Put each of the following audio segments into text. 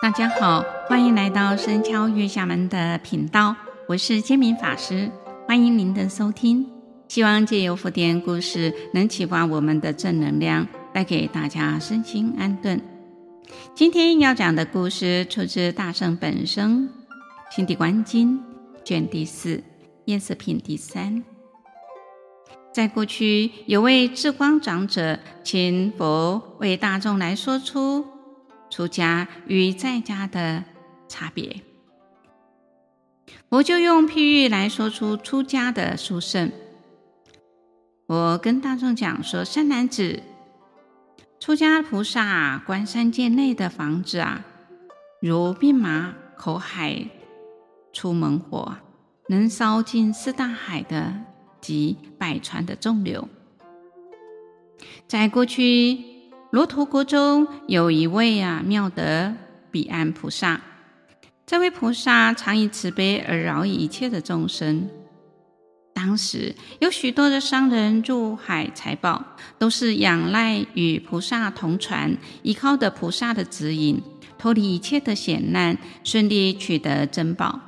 大家好，歡迎來到深敲月下門的頻道，我是千明法師，歡迎您的收聽。希望借由佛典故事，能啟發我們的正能量，帶給大家身心安頓。今天要講的故事出自《大乘本生心地觀經》卷第四，厭捨品第三。在過去，有位智光長者，請佛為大眾來說出。出家與在家的差別，我就用譬喻來說出出家的殊勝。我跟大眾講說，善男子，出家菩薩觀三界內的房子啊，如牝馬口海，出猛火，能燒盡四大海的及百川的眾流，在過去。羅陀國中有一位啊妙得彼岸菩薩，這位菩薩常以慈悲而饒益一切的眾生。當時有許多的商人入海採寶，都是仰賴與菩薩同船，依靠着菩薩的指引，脫離一切的險難，順利取得珍寶，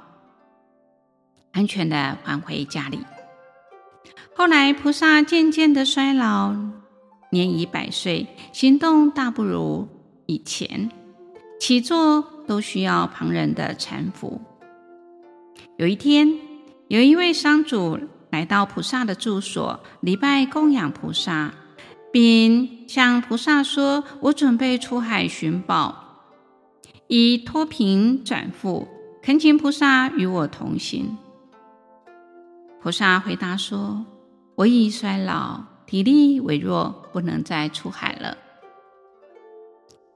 安全的返回家裡。後來菩薩漸漸的衰老。年已百歲，行動大不如以前，起坐都需要旁人的攙扶。有一天，有一位商主來到菩薩的住所，禮拜供養菩薩，並向菩薩說：“我準備出海尋寶，以脫貧轉富，懇請菩薩與我同行。”菩薩回答說：“我已衰老。”體力微弱，不能再出海了。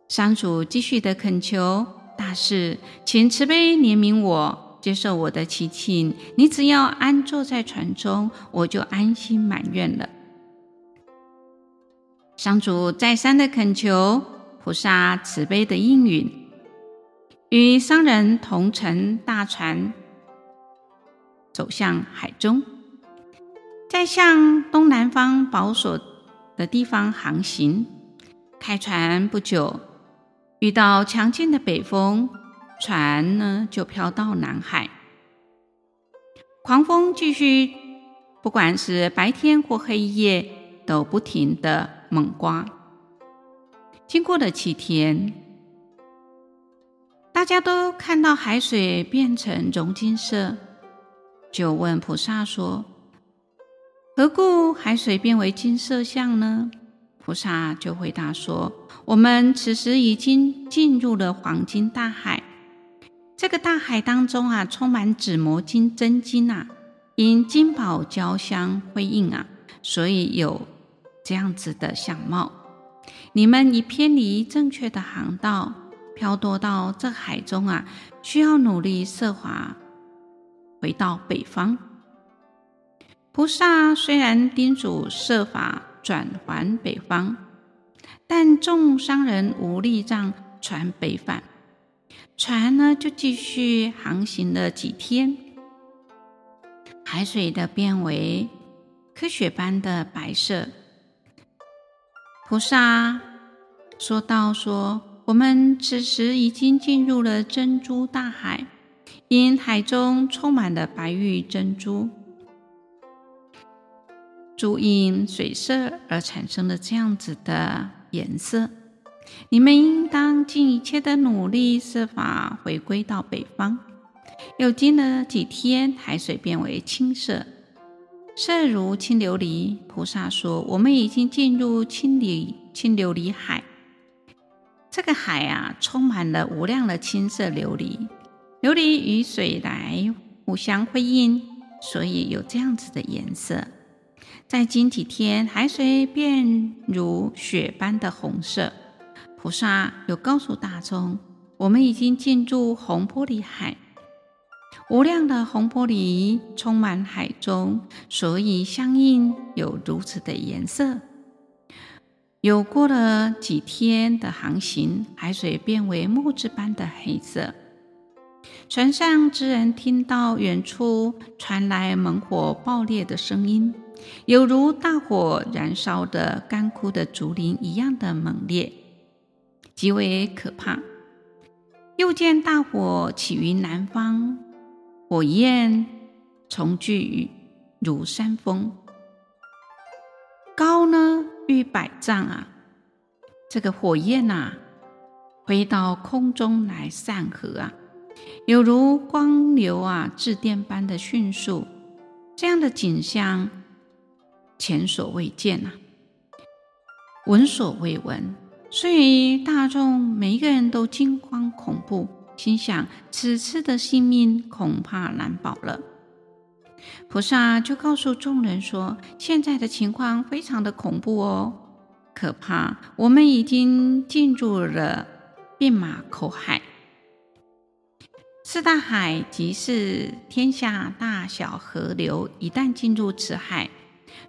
商主繼續的懇求，大士，請慈悲憐憫我，接受我的祈請。你只要安坐在船中，我就安心滿願了。商主再三的懇求，菩薩慈悲的應允，與商人同乘大船，走向海中。在向東南方寶所的地方航行，開船不久，遇到強勁的北風，船呢就飄到南海。狂風繼續，不管是白天或黑夜，都不停的猛颳。經過了七天，大家都看到海水變成鎔金色，就問菩薩說。何故海水變為金色相呢？菩薩就回答說：“我們此時已經進入了黃金大海，這個大海當中啊，充滿紫磨金真金吶、啊。因金寶交相輝映啊，所以有這樣子的相貌。你們已偏離正確的航道，飄墮到這海中啊，需要努力設法，回到北方。”菩薩雖然叮囑設法轉還北方，但眾商人無力讓船北返，船呢就繼續航行了幾天。海水的變為珂雪般的白色。菩薩說道：「說我們此時已經進入了珍珠大海，因海中充滿了白玉珍珠。」珠因水色而產生了這樣子的顏色。你們應當盡一切的努力，設法回歸到北方。又經了幾天，海水變為青色，色如青琉璃。菩薩說：“我們已經進入青里青琉璃海。這個海啊，充滿了無量的青色琉璃，琉璃與水來互相輝映，所以有這樣子的顏色。”再經幾天，海水變如血般的紅色。菩薩又告訴大眾：“我們已經進入紅玻璃海，無量的紅玻璃充滿海中，所以相應有如此的顏色。”又過了幾天的航行，海水變為墨汁般的黑色。船上之人聽到遠處傳來猛火爆裂的聲音，有如大火燃燒的乾枯的竹林一樣的猛烈，極為可怕。又見大火起於南方，火焰叢聚如山峰，高呢逾百丈啊！這個火焰吶、啊，飛到空中來散合啊！有如光流啊，掣電般的迅速，這樣的景象，前所未見吶、啊，聞所未聞。所以大眾每一個人都驚慌恐怖，心想：此次的性命恐怕難保了。菩薩就告訴眾人說：現在的情況非常的恐怖哦，可怕！我們已經進入了牝馬口海。四大海及四天下大小河流，一旦進入此海，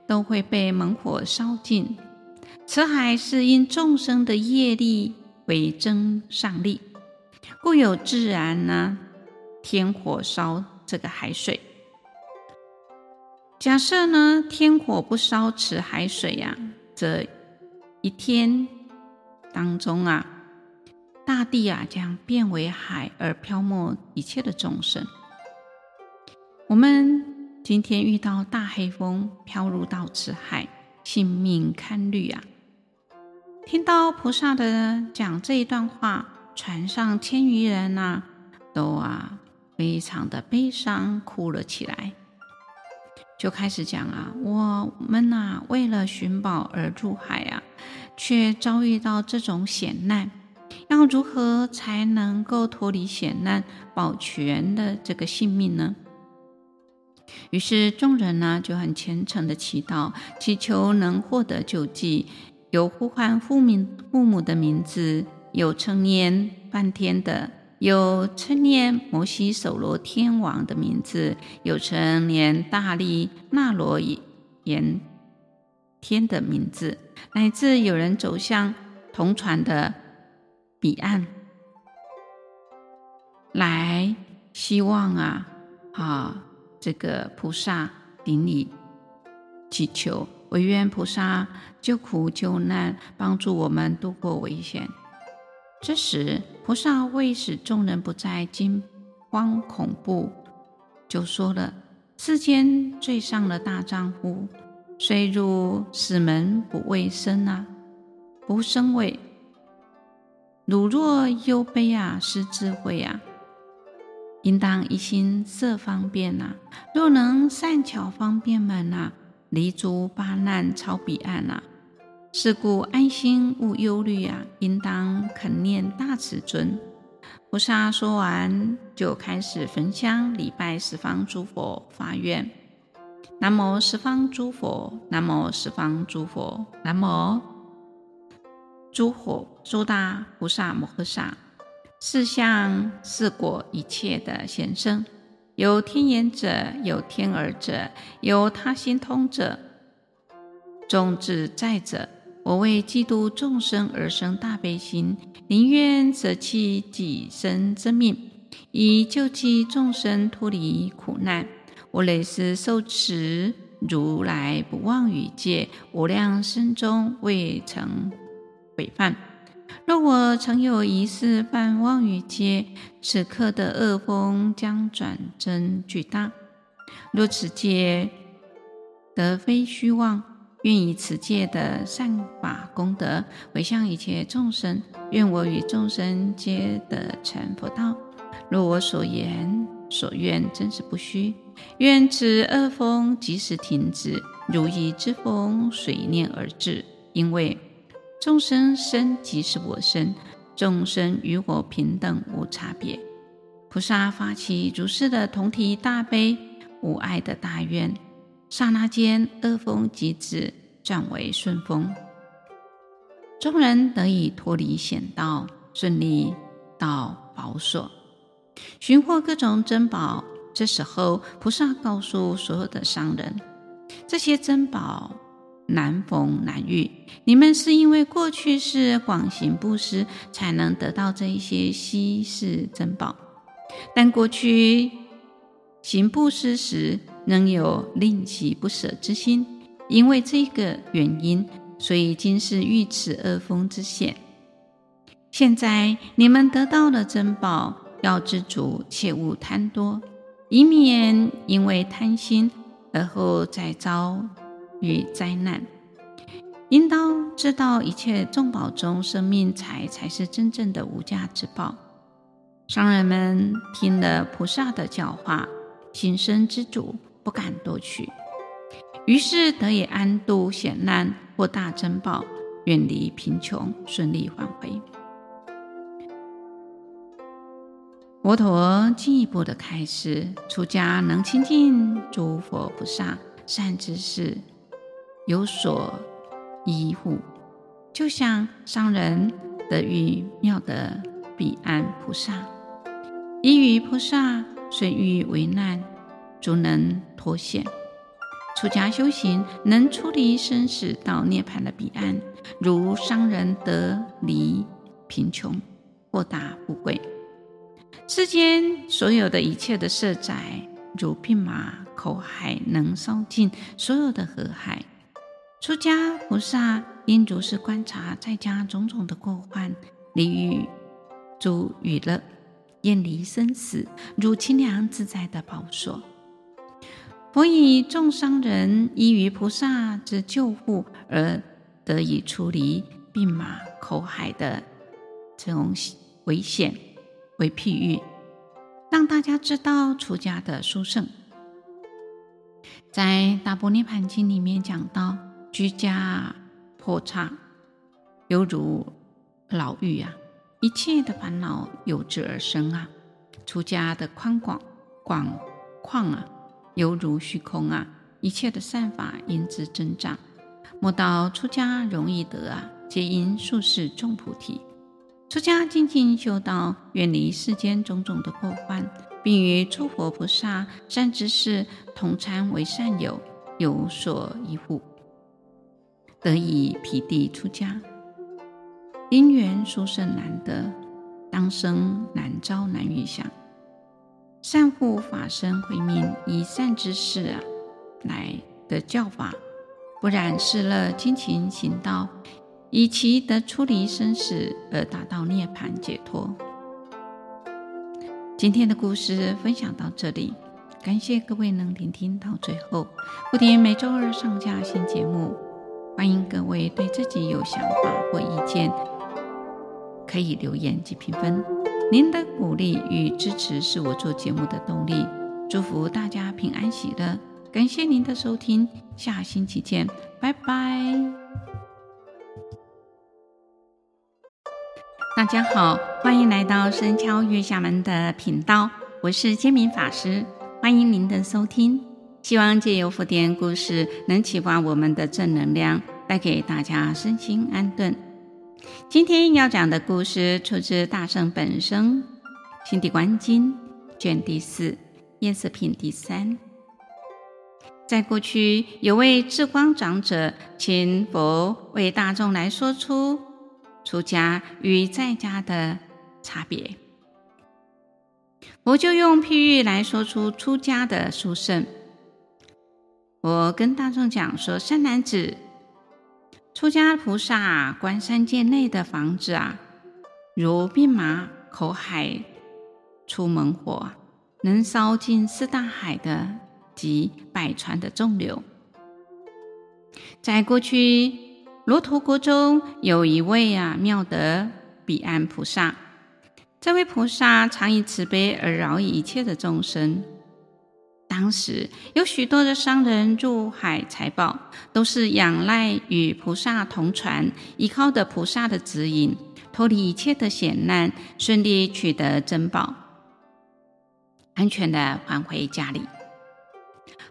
都會被猛火燒盡。此海是因眾生的業力為增上力，故有自然呢、啊、天火燒這個海水。假設呢天火不燒此海水啊，則一天當中啊。大地啊，將變為海而漂沒一切的眾生。我們今天遇到大黑風，漂入到此海，性命堪慮啊！聽到菩薩的講這一段話，船上千餘人吶、啊，都啊非常的悲傷，哭了起來，就開始講啊，我們吶、啊，為了尋寶而入海啊，卻遭遇到這種險難。要如何才能夠脫離險難、保全的這個性命呢？於是眾人呢，就很虔誠的祈禱，祈求能獲得救濟。有呼喚父名、父母的名字，有稱念梵天的，有稱念摩醯首羅天王的名字，有稱念大力那羅延天的名字，乃至有人走向同船的。彼岸，來希望啊啊！這個菩薩頂禮祈求，唯願菩薩救苦救難，幫助我們度過危險。這時，菩薩為使眾人不再驚慌恐怖，就說了：“世間最上的大丈夫，雖入死門不畏生啊，不生畏。”汝若憂悲啊，失智慧啊，應當一心設方便吶、啊。若能善巧方便門吶、啊，離諸八難超彼岸吶、啊。是故安心勿憂慮啊，應當懇念大慈尊。菩薩說完，就開始焚香禮拜十方諸佛，發願：南無十方諸佛，南無十方諸佛，南無諸佛。諸大菩薩摩訶薩，四向、四果一切的賢聖，有天眼者，有天耳者，有他心通者，眾自在者，我為濟度眾生而生大悲心，寧願舍棄己身之命，以救濟眾生脫離苦難。我累世受持如來不妄語戒，無量生中未曾違犯。若我曾有一世犯妄語戒，此刻的惡風將轉增劇大。若此戒德非虛妄，願以此戒的善法功德回向一切眾生，願我與眾生皆得成佛道。若我所言所願真實不虛，願此惡風即時停止，如意之風隨念而至，因為。眾生身即是我身，眾生與我平等無差別。菩薩發起如是的同體大悲、無礙的大願，剎那間惡風即止，轉為順風，眾人得以脫離險道，順利到寶所，尋獲各種珍寶。這時候，菩薩告訴所有的商人，這些珍寶。難逢難遇，你們是因為過去世廣行布施，才能得到這一些稀世珍寶。但過去行布施時，仍有悋惜不捨之心，因為這個原因，所以今世遇此惡風之險。現在你們得到了珍寶，要知足，切勿貪多，以免因為貪心而後再遭。與災難，應當知道一切眾寶中，生命才才是真正的無價之寶。商人們聽了菩薩的教化，心生知足，不敢多取，於是得以安度險難獲大珍寶，遠離貧窮，順利返回。佛陀進一步的開示：出家能親近諸佛菩薩，善知識。有所依怙，就像商人得遇妙得彼岸菩薩，依於菩薩，雖遇危難，卒能脫險。出家修行，能出離生死，到涅槃的彼岸，如商人得離貧窮、獲大富貴。世間所有的一切的舍宅，如牝馬口海，能燒盡所有的河海。出家菩薩應如是觀察在家種種的過患，離欲、諸欲樂，厭離生死，如清涼自在的寶所。佛以眾商人依於菩薩之救護而得以出離牝馬口海的這種危險為譬喻，讓大家知道出家的殊勝。在《大般涅槃經》裡面講到。居家迫迮，猶如牢獄啊！一切的煩惱由之而生啊！出家的寬廣廣曠啊，猶如虛空啊！一切的善法因之增長。莫道出家容易得啊，皆因宿世種菩提。出家精進修道，遠離世間種種的過患，並與諸佛菩薩、善知識、同參為善友，有所依怙。得以披剃出家，因緣殊勝難得，當生難遭難遇想，善護法身慧命，依善知識所來的教法，不染世樂，精勤行道，以期得出離生死而達到涅槃解脫。今天的故事分享到這裡，感謝各位能聆聽到最後。福田每周二上架新節目。歡迎各位對自己有想法或意見，可以留言及評分。您的鼓勵與支持是我做節目的動力。祝福大家平安喜樂，感謝您的收聽，下星期見，拜拜。大家好，歡迎來到僧敲月下門的頻道，我是見明法師，歡迎您的收聽。希望借由福田故事，能啟發我們的正能量，帶給大家身心安頓。今天要講的故事出自大本《大乘本生心地觀經》卷第四，厭捨品第三。在過去，有位智光長者，請佛為大眾來說出出家與在家的差別。佛就用譬喻來說出出家的殊勝。我跟大眾講說，善男子，出家菩薩、啊、觀三界內的房子啊，如牝馬口海，出猛火，能燒盡四大海的及百川的眾流。在過去，羅陀國中有一位啊妙得彼岸菩薩，這位菩薩常以慈悲而饒益一切的眾生。當時有許多的商人入海採寶，都是仰賴與菩薩同船，依靠着菩薩的指引，脫離一切的險難，順利取得珍寶，安全的返回家裡。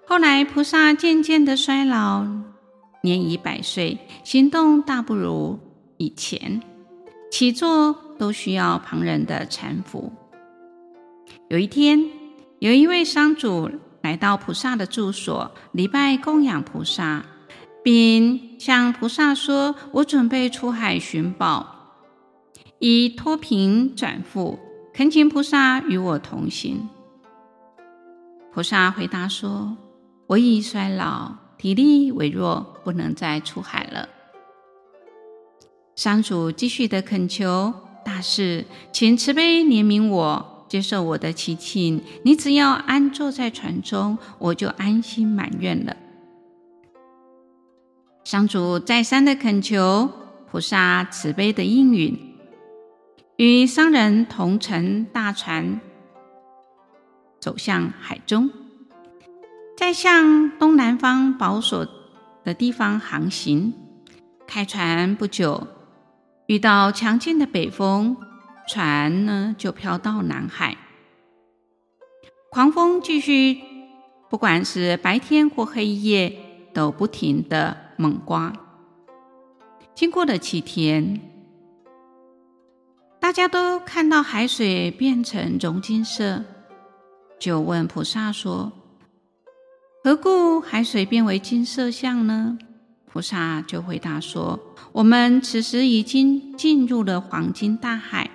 後來菩薩漸漸的衰老，年已百歲，行動大不如以前，起坐都需要旁人的攙扶。有一天，有一位商主，來到菩薩的住所，禮拜供養菩薩，並向菩薩說：“我準備出海尋寶，以脫貧轉富，懇請菩薩與我同行。”菩薩回答說：“我已衰老，體力微弱，不能再出海了。”商主繼續的懇求大士，請慈悲憐憫我。接受我的祈請，你只要安坐在船中，我就安心滿願了。商主再三的懇求，菩薩慈悲的應允，與商人同乘大船，走向海中，再向東南方寶所的地方航行。開船不久，遇到強勁的北風。船呢就飄到南海，狂風繼續，不管是白天或黑夜都不停的猛颳。經過了七天，大家都看到海水變成鎔金色，就問菩薩說：“何故海水變為金色相呢？”菩薩就回答說：“我們此時已經進入了黃金大海。”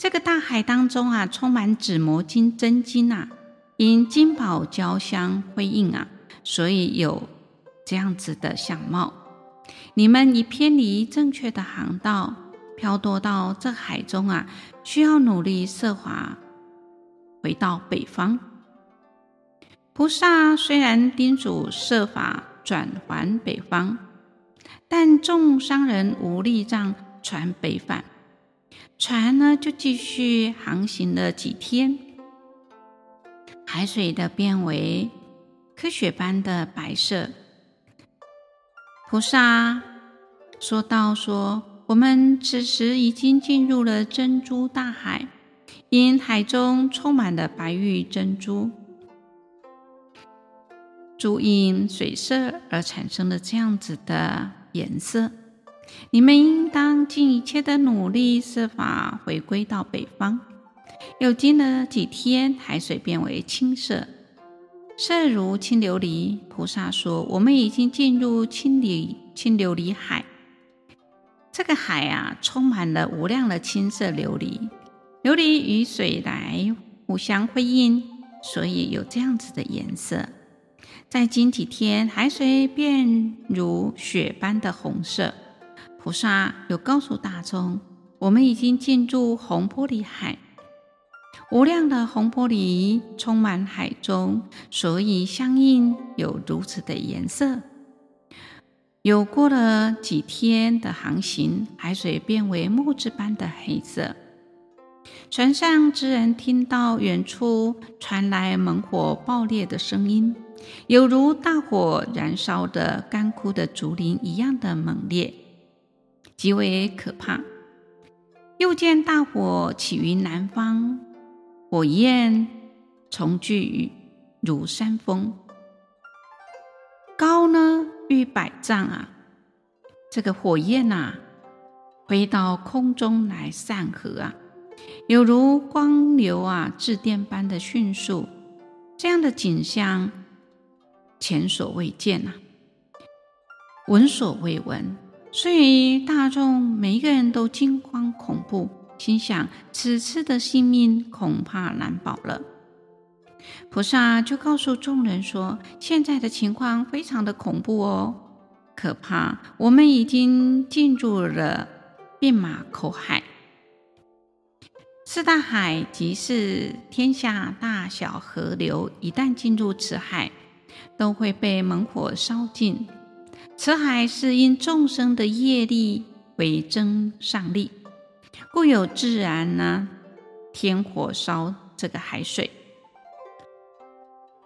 這個大海當中啊，充滿紫磨金真金啊，因金寶交相輝映啊，所以有這樣子的相貌。你們已偏離正確的航道，漂墮到這海中啊，需要努力設法回到北方。菩薩雖然叮囑設法轉還北方，但眾商人無力讓船北返。船呢，就繼續航行了幾天。海水的變為珂雪般的白色。菩薩說道說：“說我們此時已經進入了珍珠大海，因海中充滿了白玉珍珠，珠映水色而產生了這樣子的顏色。”你們應當盡一切的努力，設法回歸到北方。又經了幾天，海水變為青色，色如青琉璃。菩薩說：“我們已經進入青琉青琉璃海。這個海啊，充滿了無量的青色琉璃，琉璃與水來互相輝映，所以有這樣子的顏色。再經幾天，海水變如血般的紅色。”菩薩又告訴大眾：“我們已經進入紅玻璃海，無量的紅玻璃充滿海中，所以相應有如此的顏色。”又過了幾天的航行，海水變為墨汁般的黑色。船上之人聽到遠處傳來猛火爆裂的聲音，有如大火燃燒的乾枯的竹林一樣的猛烈。極為可怕。又見大火起於南方，火焰叢聚於如山峰，高呢逾百丈啊。這個火焰啊，飛到空中來散合啊，有如光流啊，掣電般的迅速。這樣的景象，前所未見啊，聞所未聞。所以大眾每一個人都驚慌恐怖，心想：此次的性命恐怕難保了。菩薩就告訴眾人說：“現在的情況非常的恐怖哦，可怕！我們已經進入了牝馬口海，四大海及四天下大小河流，一旦進入此海，都會被猛火燒盡。”此海是因眾生的業力為增上力，故有自然呢、啊、天火燒這個海水。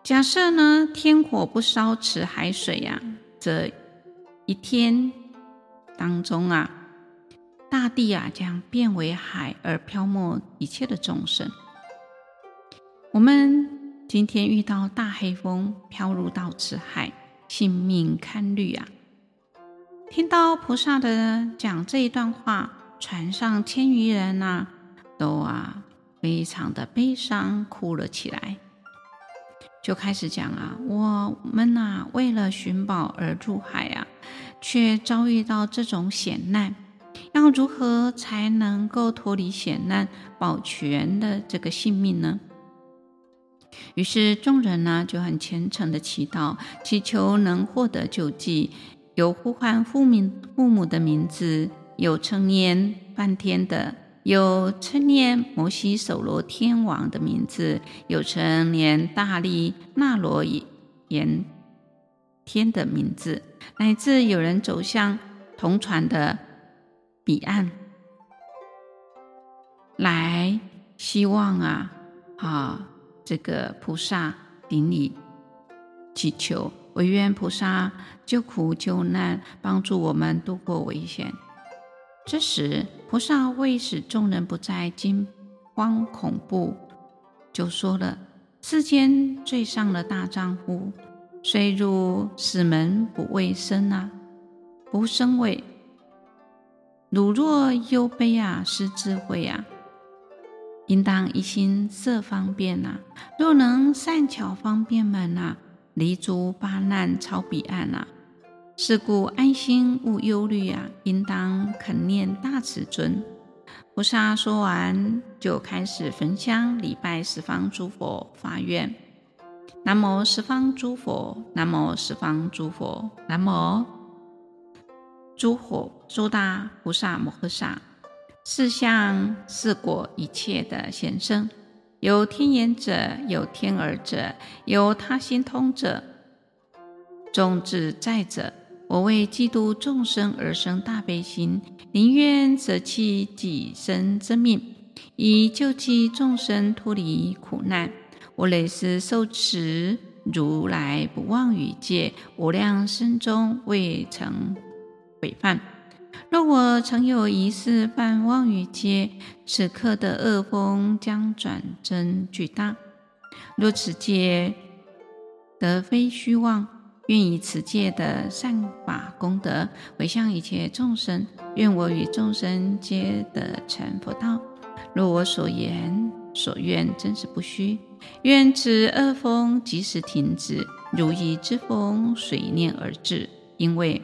假設呢天火不燒此海水呀、啊，則一天當中啊，大地啊將變為海而漂沒一切的眾生。我們今天遇到大黑風飄入到此海，性命堪慮啊！聽到菩薩的講這一段話，船上千餘人吶，啊，都啊非常的悲傷，哭了起來，就開始講啊，我們吶，啊，為了尋寶而入海啊，卻遭遇到這種險難，要如何才能夠脫離險難，保全的這個性命呢？於是眾人呢，啊，就很虔誠的祈禱，祈求能獲得救濟。有呼喚父名父母的名字，有稱念梵天的，有稱念摩醯首羅天王的名字，有稱念大力那羅延天的名字，乃至有人走向同船的彼岸，來希望啊啊這個菩薩頂禮祈求。惟願菩薩救苦救難，幫助我們度過危險。這時，菩薩為使眾人不再驚慌恐怖，就說了：“世間最上的大丈夫，雖入死門不畏生啊，不生畏。汝若憂悲啊，失智慧啊，應當一心設方便啊。若能善巧方便門啊。”離諸八難超彼岸啊！是故安心勿憂懼啊！應當懇念大慈尊。菩薩說完，就開始焚香禮拜十方諸佛，發願：南無十方諸佛，南無十方諸佛，南無諸佛，南無諸佛，諸大菩薩摩訶薩，四向四果一切的賢聖。有天眼者，有天耳者，有他心通者，眾自在者。我為濟度眾生而生大悲心，寧願捨棄己身之命，以救濟眾生脫離苦難。我累世受持如來不妄語戒，無量生中未曾違犯。若我曾有一世犯妄語戒，此刻的惡風將轉增劇大。若此戒德非虛妄，願以此戒的善法功德回向一切眾生，願我與眾生皆得成佛道。若我所言所願真實不虛，願此惡風即時停止，如意之風隨念而至，因為。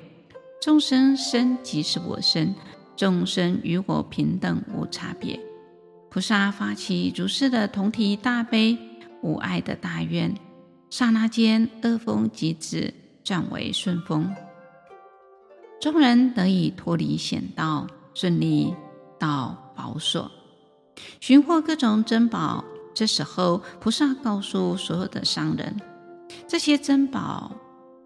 眾生身即是我身，眾生與我平等無差別。菩薩發起如是的同體大悲、無礙的大願，剎那間惡風即止，轉為順風，眾人得以脫離險道，順利到寶所，尋獲各種珍寶。這時候，菩薩告訴所有的商人，這些珍寶。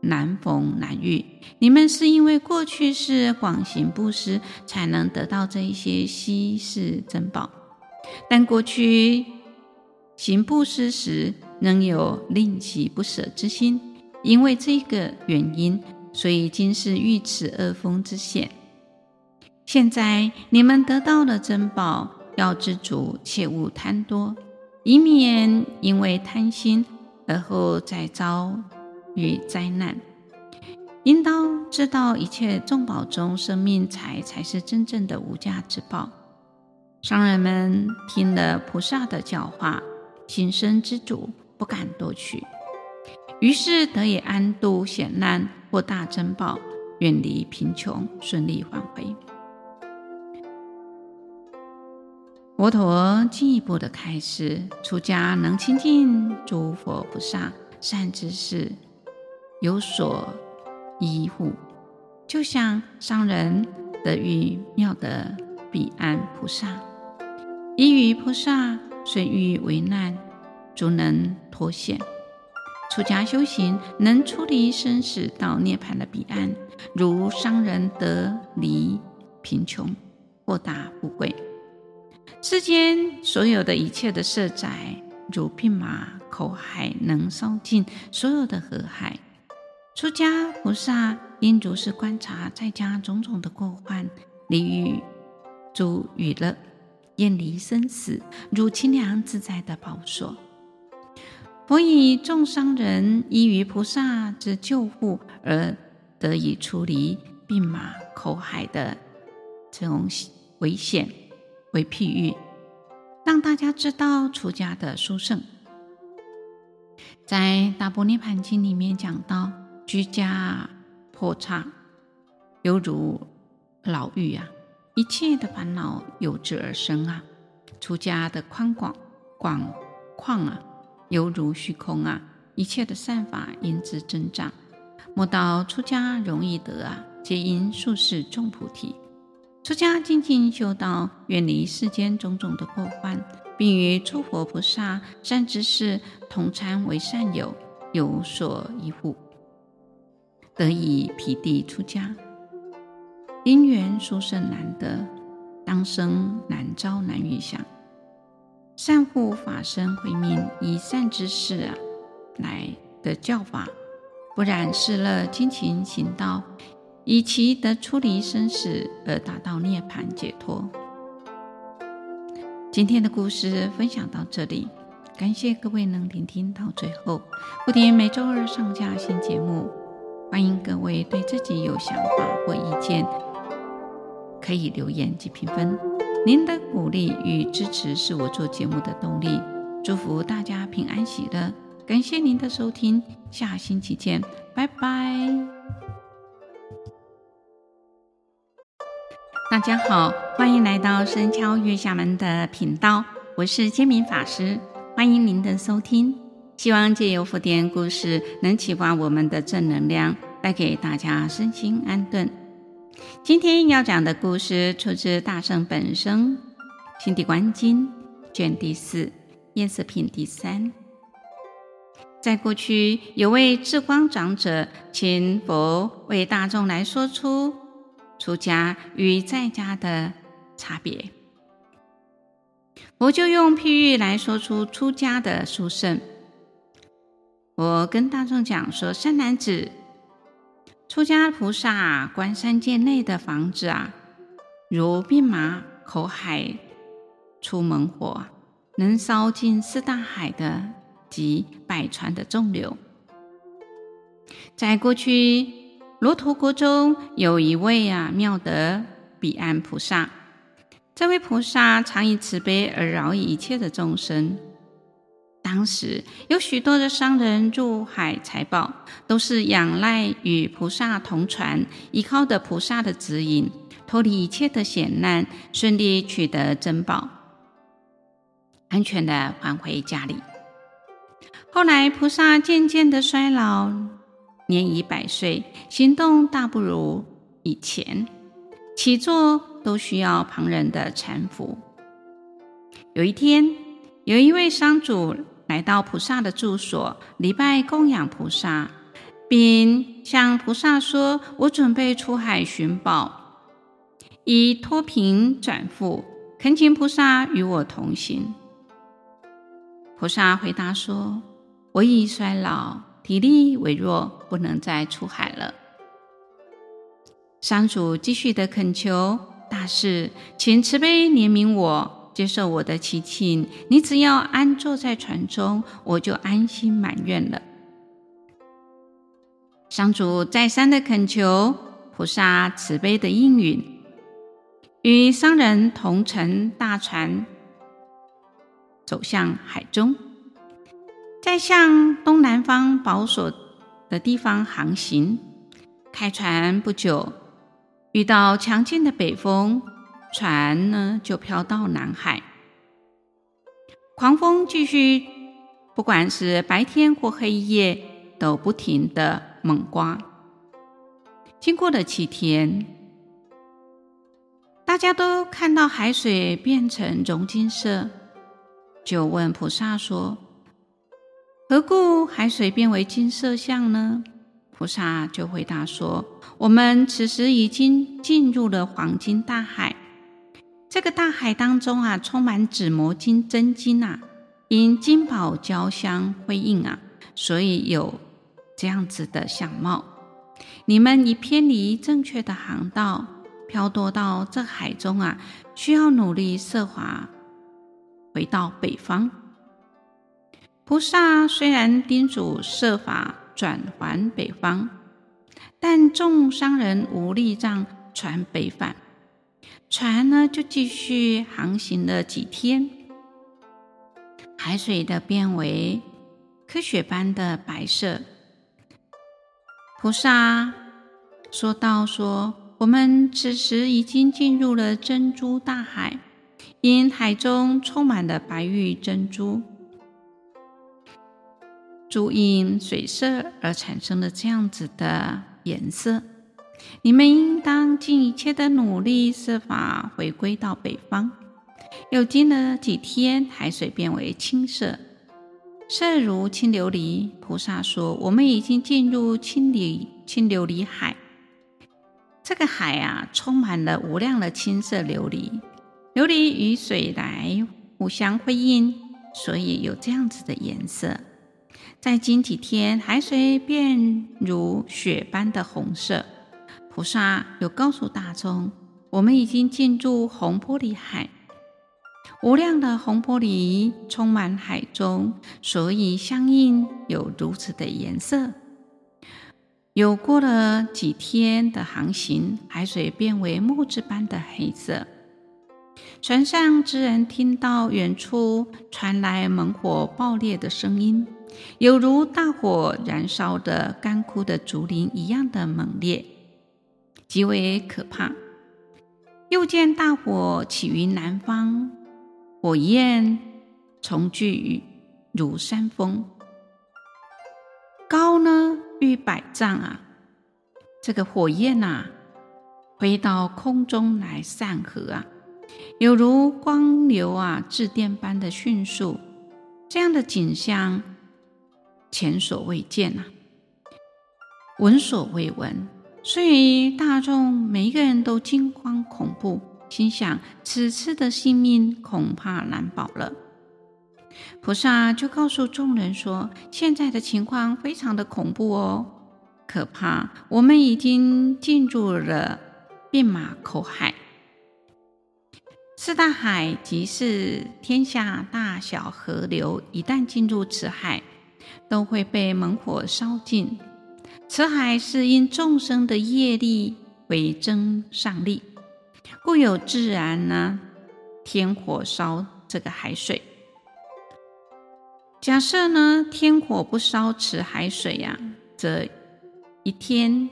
難逢難遇，你們是因為過去世廣行布施，才能得到這一些稀世珍寶。但過去行布施時，仍有悋惜不捨之心，因為這個原因，所以今世遇此惡風之險。現在你們得到了珍寶，要知足，切勿貪多，以免因為貪心而後再遭。與災難，應當知道一切眾寶中，生命財才是真正的無價之寶。商人們聽了菩薩的教化，心生知足，不敢多取，於是得以安度險難，獲大珍寶，遠離貧窮，順利返回。佛陀進一步的開示：出家能親近諸佛菩薩，善知識。有所依怙，就像商人得遇妙得彼岸菩薩，依於菩薩，雖遇危難，卒能脫險。出家修行，能出離生死，到涅槃的彼岸，如商人得離貧窮、獲大富貴。世間所有的一切的舍宅，如牝馬口海，能燒盡所有的河海。出家菩薩應如是觀察在家種種的過患，離欲、諸欲樂，厭離生死，如清涼自在的寶所。佛以眾商人依於菩薩之救護而得以出離牝馬口海的種種危險為譬喻，讓大家知道出家的殊勝。在《大般涅槃經》裡面講到。居家迫、啊、迮，猶如牢獄啊！一切的煩惱由之而生啊！出家的寬廣廣曠啊，猶如虛空啊！一切的善法因之增長。莫道出家容易得啊，皆因宿世種菩提。出家精進修道，遠離世間種種的過患，並與諸佛菩薩、善知識同參為善友，有所依怙。得以披剃出家，因緣殊勝難得，當生難遭難遇想。善護法身慧命，依善知識所來的教法，不染世樂，精勤行道，以期得出離生死，而達到涅槃解脫。今天的故事分享到這裡，感謝各位能聆聽到最後。菩提每周二上架新節目。歡迎各位對自己有想法或意見，可以留言及評分。您的鼓勵與支持是我做節目的動力。祝福大家平安喜樂，感謝您的收聽，下星期見，拜拜。大家好，歡迎來到僧敲月下門的頻道，我是千明法師，歡迎您的收聽。希望借由福田故事，能啟發我們的正能量。帶給大家身心安頓。今天要講的故事出自《大乘本生，心地觀經》卷第四，厭捨品第三。在過去有位智光長者，請佛為大眾來說出出家與在家的差別。佛就用譬喻來說出出家的殊勝。我跟大眾講說，善男子。出家菩薩觀三界內的房子啊，如牝馬口海出猛火，能燒盡四大海的及百川的眾流。在過去，羅陀國中有一位啊妙德彼岸菩薩，這位菩薩常以慈悲而饒益一切的眾生。當時有許多的商人入海採寶，都是仰賴與菩薩同船，依靠著菩薩的指引，脫離一切的險難，順利取得珍寶，安全的返回家裡。後來菩薩漸漸的衰老，年已百歲，行動大不如以前，起坐都需要旁人的攙扶。有一天，有一位商主來到菩薩的住所，禮拜供養菩薩，並向菩薩說：“我準備出海尋寶，以脫貧轉富，懇請菩薩與我同行。”菩薩回答說：“我已衰老，體力微弱，不能再出海了。”商主繼續的懇求大士，請慈悲憐憫我。接受我的祈請，你只要安坐在船中，我就安心滿願了。商主再三的懇求，菩薩慈悲的應允，與商人同乘大船，走向海中，再向東南方寶所的地方航行。開船不久，遇到強勁的北風。船呢就飄到南海，狂風繼續，不管是白天或黑夜都不停的猛颳。經過了七天，大家都看到海水變成融金色，就問菩薩說：“何故海水變為金色相呢？”菩薩就回答說：“我們此時已經進入了黃金大海。”這個大海當中啊，充滿紫磨真金啊，因金寶交相輝映啊，所以有這樣子的相貌。你們已偏離正確的航道，漂墮到這海中啊，需要努力設法回到北方。菩薩雖然叮囑設法轉還北方，但眾商人無力讓船北返。船呢，就繼續航行了幾天。海水的變為珂雪般的白色。菩薩說道說：“說我們此時已經進入了珍珠大海，因海中充滿了白玉珍珠，珠映水色而產生了這樣子的顏色。”你們應當盡一切的努力，設法回歸到北方。又經了幾天，海水變為青色，色如青琉璃。菩薩說：“我們已經進入青琉青琉璃海。這個海啊，充滿了無量的青色琉璃，琉璃與水來互相輝映，所以有這樣子的顏色。再經幾天，海水變如血般的紅色。”菩薩又告訴大眾：“我們已經進入紅玻璃海，無量的紅玻璃充滿海中，所以相應有如此的顏色。”又過了幾天的航行，海水變為墨汁般的黑色。船上之人聽到遠處傳來猛火爆裂的聲音，有如大火燃燒的乾枯的竹林一樣的猛烈。極為可怕。又見大火起於南方，火焰叢聚於如山峰，高呢逾百丈啊！這個火焰吶、啊，飛到空中來散合啊，有如光流啊，掣電般的迅速，這樣的景象前所未見吶、啊。聞所未聞。所以大眾每一個人都驚慌恐怖，心想：此次的性命恐怕難保了。菩薩就告訴眾人說：“現在的情況非常的恐怖哦，可怕！我們已經進入了牝馬口海，四大海及四天下大小河流，一旦進入此海，都會被猛火燒盡。”此海是因眾生的業力為增上力，故有自然呢、啊、天火燒這個海水。假設呢天火不燒此海水呀、啊，則一天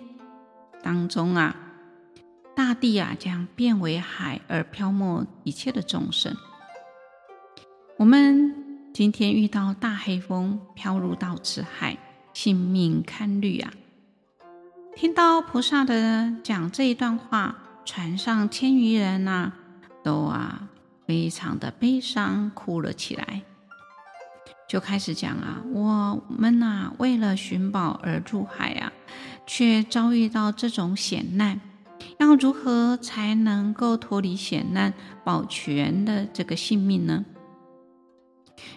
當中啊，大地啊將變為海而漂沒一切的眾生。我們今天遇到大黑風飄入到此海，性命堪慮啊！聽到菩薩的講這一段話，船上千餘人吶、啊，都啊非常的悲傷，哭了起來，就開始講啊，我們吶、啊、為了尋寶而入海啊，卻遭遇到這種險難，要如何才能夠脫離險難，保全的這個性命呢？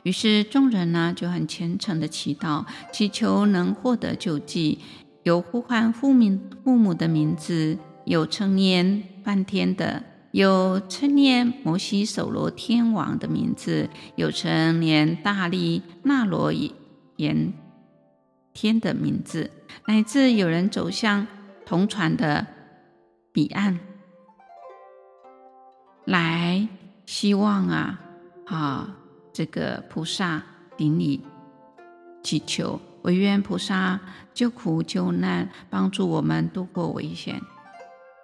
於是眾人呢、啊、就很虔誠地祈禱，祈求能獲得救濟。有呼喚父名父母的名字，有稱念梵天的，有稱念摩醯首羅天王的名字，有稱念大力那羅延天的名字，乃至有人走向同船的彼岸，來希望啊啊這個菩薩頂禮祈求，惟願菩薩救苦救難！幫助我們度過危險。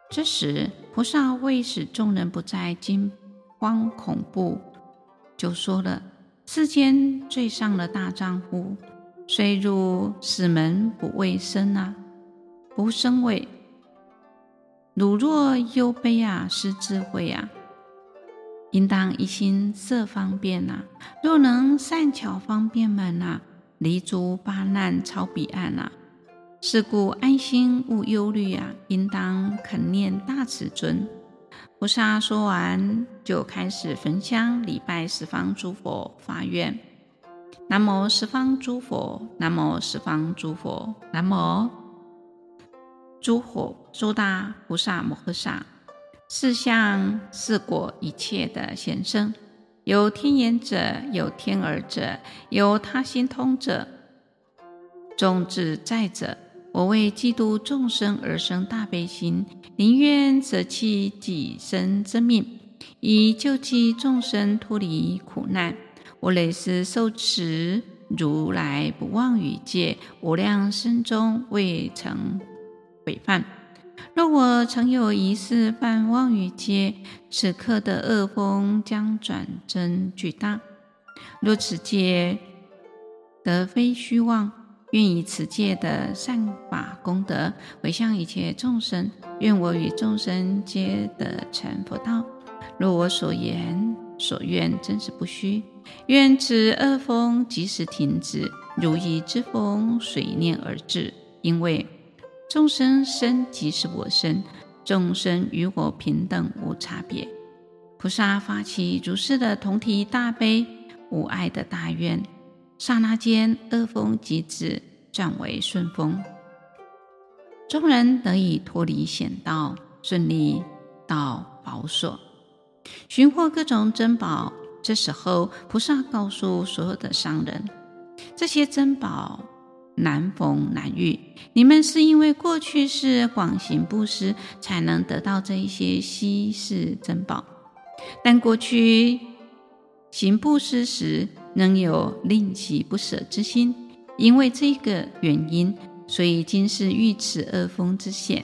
這時，菩薩為使眾人不再驚慌恐怖，就說了：“世間最上的大丈夫，雖入死門不畏生啊，不生畏。汝若憂悲啊，失智慧啊，應當一心設方便啊。若能善巧方便門啊。”離諸八難，超彼岸啊！是故安心，勿憂慮啊！應當懇念大慈尊。菩薩說完，就開始焚香禮拜十方諸佛，發願：南無十方諸佛，南無十方諸佛，南無諸佛，諸大菩薩摩訶薩，四向、四果一切的賢聖。有天眼者，有天耳者，有他心通者，眾自在者。我為濟度眾生而生大悲心，寧願捨棄己身之命，以救濟眾生脫離苦難。我累世受持如來不妄語戒，無量生中未曾違犯。若我曾有一世犯妄語戒，此刻的惡風將轉增劇大。若此戒德非虛妄，願以此戒的善法功德回向一切眾生，願我與眾生皆得成佛道。若我所言所願真實不虛，願此惡風即時停止，如意之風隨念而至，因為。眾生身即是我身，眾生與我平等無差別。菩薩發起如是的同體大悲、無礙的大願，剎那間惡風即止，轉為順風，眾人得以脫離險道，順利到寶所，尋獲各種珍寶。這時候，菩薩告訴所有的商人，這些珍寶。難逢難遇，你們是因為過去世廣行布施，才能得到這一些稀世珍寶。但過去行布施時，仍有悋惜不捨之心，因為這個原因，所以今世遇此惡風之險。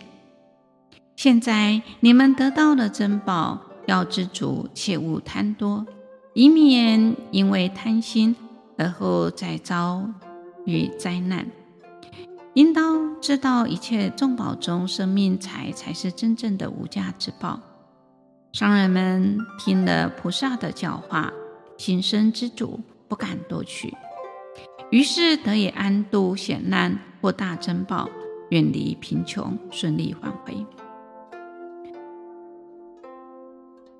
現在你們得到了珍寶，要知足，切勿貪多，以免因為貪心而後再遭。與災難，應當知道一切眾寶中，生命才才是真正的無價之寶。商人們聽了菩薩的教化，心生知足，不敢多取，於是得以安度險難，獲大珍寶，遠離貧窮，順利返回。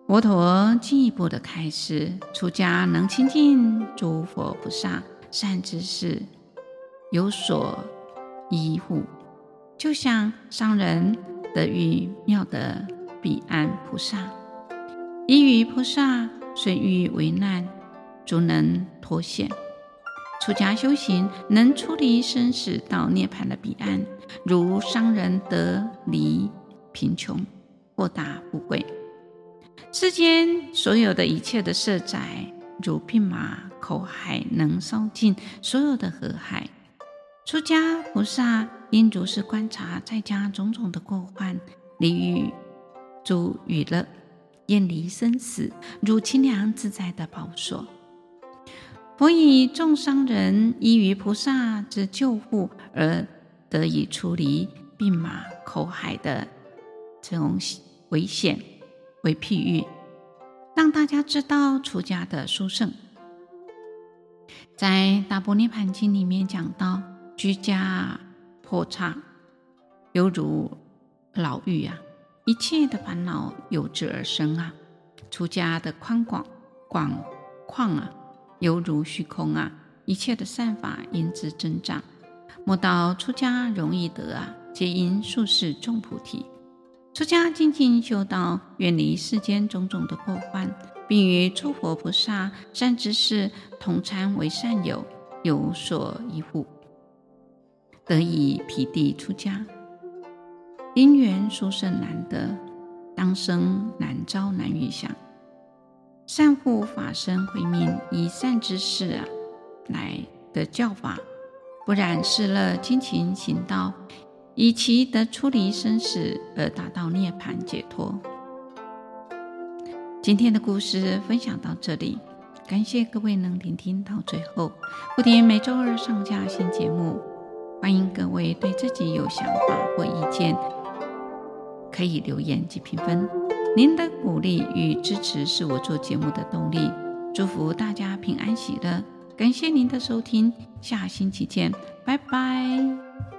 佛陀進一步的開示：出家能親近諸佛菩薩、善知識。有所依怙，就像商人得遇妙得彼岸菩薩，依於菩薩，雖遇危難，卒能脫險。出家修行能出離生死到涅槃的彼岸，如商人得離貧窮，獲大富貴。世間所有的一切的舍宅，如牝馬口海，能燒盡所有的河海。出家菩薩應如是觀察在家種種的過患，離諸欲樂、厭離生死，如清涼自在的寶所。佛以眾商人依於菩薩之救護而得以出離牝馬口海的這種危險為譬喻，讓大家知道出家的殊勝。在《大般涅槃經》裡面講到，居家迫、啊、迮，猶如牢獄啊！一切的煩惱由之而生啊！出家的寬廣廣曠啊，猶如虛空啊！一切的善法因之增長。莫道出家容易得啊，皆因宿世種菩提。出家精進修道，遠離世間種種的過患，並與諸佛菩薩善知識同參為善友，有所依怙。得以披剃出家，因緣殊勝難得，當生難遭難遇想。善護法身慧命，以善知識來得教法，不染世樂，精勤行道，以其得出離生死而達到涅槃解脫。今天的故事分享到這裡，感謝各位能聆聽到最後。布丁每周二上架新節目。歡迎各位對自己有想法或意見，可以留言及評分。您的鼓勵與支持是我做節目的動力。祝福大家平安喜樂，感謝您的收聽，下星期見，拜拜。